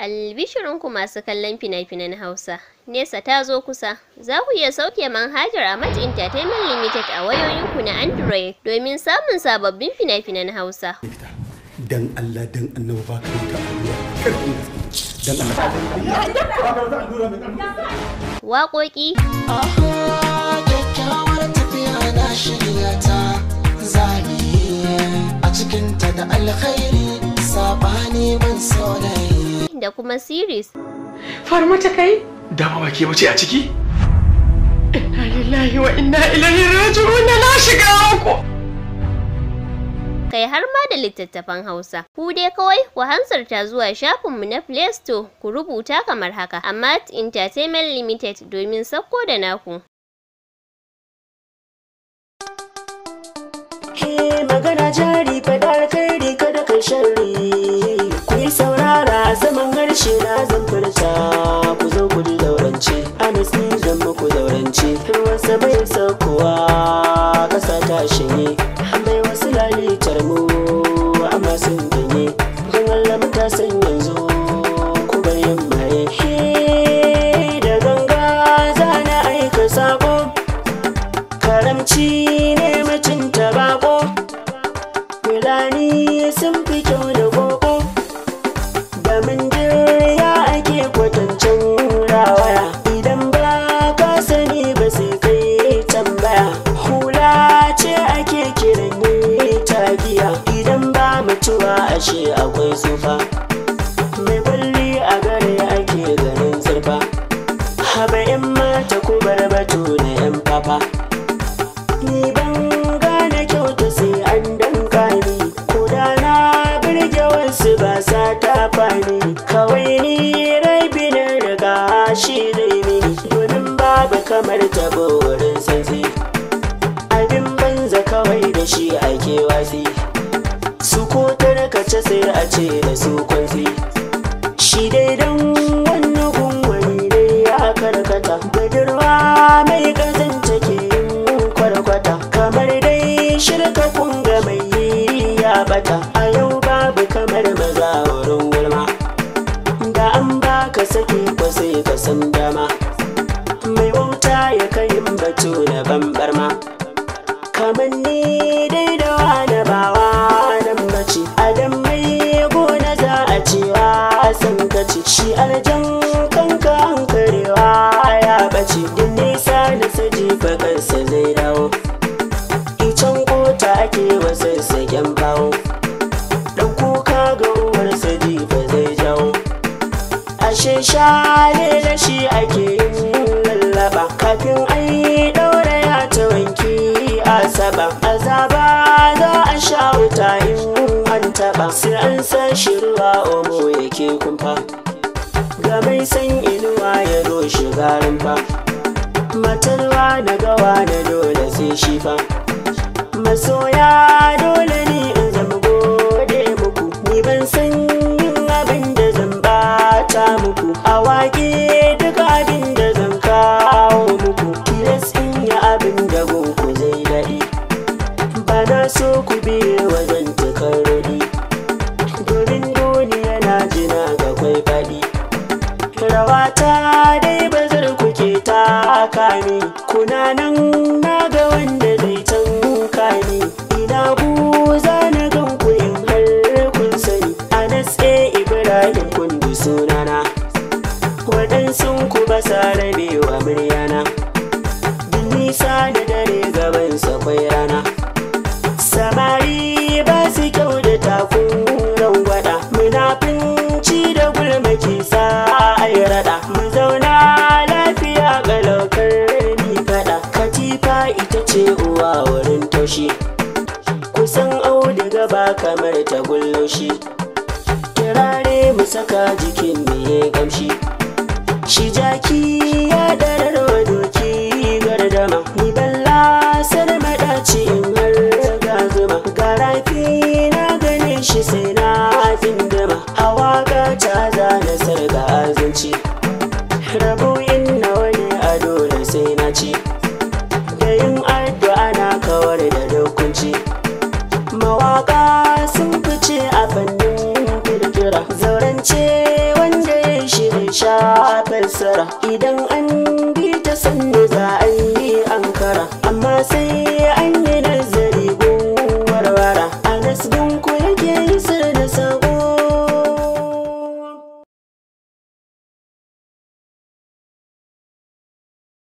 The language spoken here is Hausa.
Albishirinku masu kallon fina-finan Hausa, Nesa ta zo kusa, za ku iya sauke manhajar a Amat Entertainment Limited a wayoyinku na Android domin samun sababbin fina-finan Hausa. Dan Allah dan annabi ba ka da Dan Waƙoƙi. cikinta da alkhairi ban kuma series. Faru mata kai? Dama ba ke wuce a ciki? Inna lillahi wa inna ilaihi raji'un na shiga uku. Kai har ma da littattafan Hausa. Ku dai kawai ku ta zuwa shafinmu na Play Store ku rubuta kamar haka, Amat Entertainment Limited domin sakko da naku. harshe na zan furta ku zo ku ji zaurance anasi zan muku zaurance ruwan sama ya saukowa ƙasa ta shanye mai wasu lalitar mu amma sun ganye don Allah san yanzu ku bayan maye da ganga na aika sako karamci ya ake kwatancin rawaya idan ba ka sani ba sai kai tambaya hula ce ake kiran ni tagiya idan ba mutuwa ashe akwai tsufa mai balli a gare ake ganin zuba. haba 'yan mata kubar batu na 'yan fafa. Kawai ni rabi na riga shi zai mini domin babu kamar tabo wurin sansi abin banza kawai da shi ake wasi su ko tarkace sai a ce da su kwanci saki ba sai ka san dama mai wauta ya kai kayin bato na bambar ma kamar ni dai da wani bawa nan mace adam mai gona za a cewa san ka ci shi aljan kanka hankarewa ya bace din nisa na saji bakansa zai dawo Shin share da shi ake yin lallaba kafin an yi ɗaure ya ta wanki asaba azaba za a sha wuta in an taɓa sai an san shi ruwa omo yake kumfa ga mai san inuwa ya zo shiga rumfa matarwa na gawa na dole sai shi fa masoya biye wajen cikar rari gurin duniya na jina ga kwai faɗi rawata dai bazar kuke taka ni kuna nan na ga wanda zai tanka ni ina buza na gan ku in har kun sani anas ibrahim kun sunana waɗansu ku ba sa rabewa muryana duk nisa da dare gaban sakwai rana masu kyau da takunan gwada munafinci da gulma ke sa raɗa mu zauna lafiya ƙalaukar ni faɗa katifa ita ce uwa wurin taushe kusan auduga ba kamar ta gulloshi mu saka jikin zafi na ganin shi sai na zindima a waka ta zana sarga azanci rabu in na wani a dole sai na ci da yin addu'a na kawar da dokunci mawaka sun fice a fannin kirkira zaurance wanda ya shirin sha fassara idan an